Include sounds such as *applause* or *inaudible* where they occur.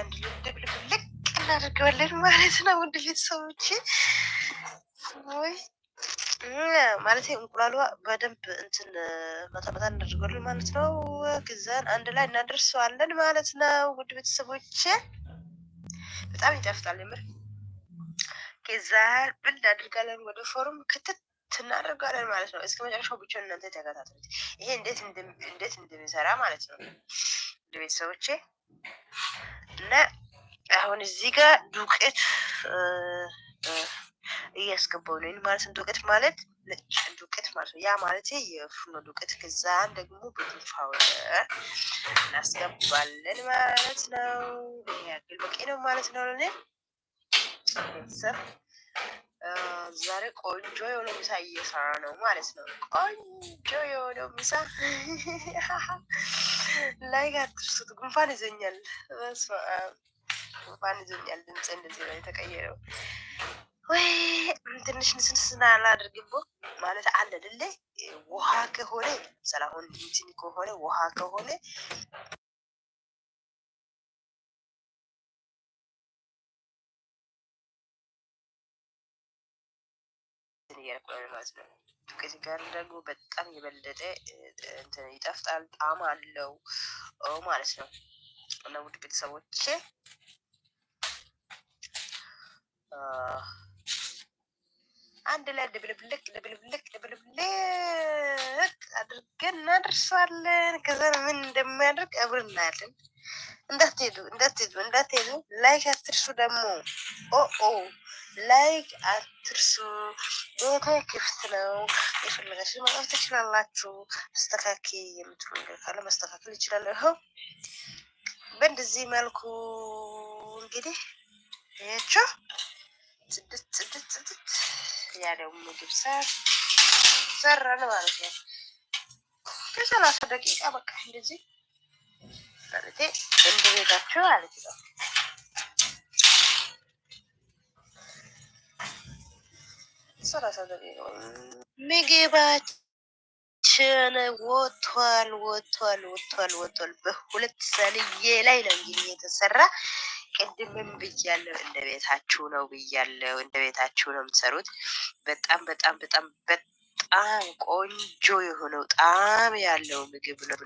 አንድ ልብልብልቅ እናደርገዋለን ማለት ነው። ውድ ቤተሰቦች ወይ ማለት እንቁላሏ በደንብ እንትን መጣመጣ እናደርገዋለን ማለት ነው። ግዛን አንድ ላይ እናደርሰዋለን ማለት ነው። ውድ ቤተሰቦች በጣም ይጠፍጣል የምር። ከዛ ብል እናደርጋለን ወደ ፎርም ክትት እናደርጋለን ማለት ነው። እስከ መጨረሻው ብቻ እናንተ ተከታተሉት። ይሄ እንዴት እንደሚሰራ ማለት ነው ቤተሰቦቼ አለ። አሁን እዚህ ጋር ዱቄት እያስገባው ነው ማለት ነው። ዱቄት ማለት ነጭ ዱቄት ማለት ነው። ያ ማለት የፍኖ ዱቄት። ከዛም ደግሞ ቤኪንግ ፓውደር እናስገባለን ማለት ነው። ያግል በቂ ነው ማለት ነው። ቤተሰብ ዛሬ ቆንጆ የሆነ ምሳ እየሰራ ነው ማለት ነው። ቆንጆ የሆነ ምሳ *laughs* ላይ ጋር ጉንፋን ይዘኛል፣ ጉንፋን ይዘኛል። ድምፅ እንደዚህ ነው የተቀየረው። ወይ ትንሽ ንስንስና አላደርግቦ ማለት አለ ድሌ ውሃ ከሆነ ሰላሁን እንትን ከሆነ ውሃ ከሆነ እያደረኩ ነው ማለት ነው። ዱቄት ጋር ደግሞ በጣም የበለጠ እንትን ይጠፍጣል፣ ጣዕም አለው ማለት ነው። እና ውድ ቤተሰቦች አንድ ላይ ልብልብልክ ልብልብልክ ልብልብልክ አድርገን እናደርሰዋለን። ከዛ ምን እንደሚያደርግ አብረን እናያለን። እንዳትሄዱ እንዳትሄዱ እንዳትሄዱ። ላይክ አትርሱ ደግሞ ኦ ኦ ላይክ አትርሱ። ቤቴ ክፍት ነው፣ የፈለጋችሁ መጽፍ ትችላላችሁ። መስተካከ የምትሉ ነገር ካለ መስተካከል ይችላል። ይኸው በእንደዚህ መልኩ እንግዲህ ያቸው ጽድት ጽድት ጽድት ያለው ምግብ ሰር ሰራን ማለት ነው። ከሰላሳ ደቂቃ በቃ እንደዚህ ማለት እንደ ቤታችሁ ማለት ነው። ምግባችን ወቷል ወቷል ወቷል ወቷል። በሁለት ሰልዬ ላይ ነው እንግዲህ የተሰራ። ቅድምም ብያለሁ፣ እንደ ቤታችሁ ነው ብያለሁ። እንደ ቤታችሁ ነው የምትሰሩት። በጣም በጣም በጣም በጣም ቆንጆ የሆነው ጣዕም ያለው ምግብ ነው።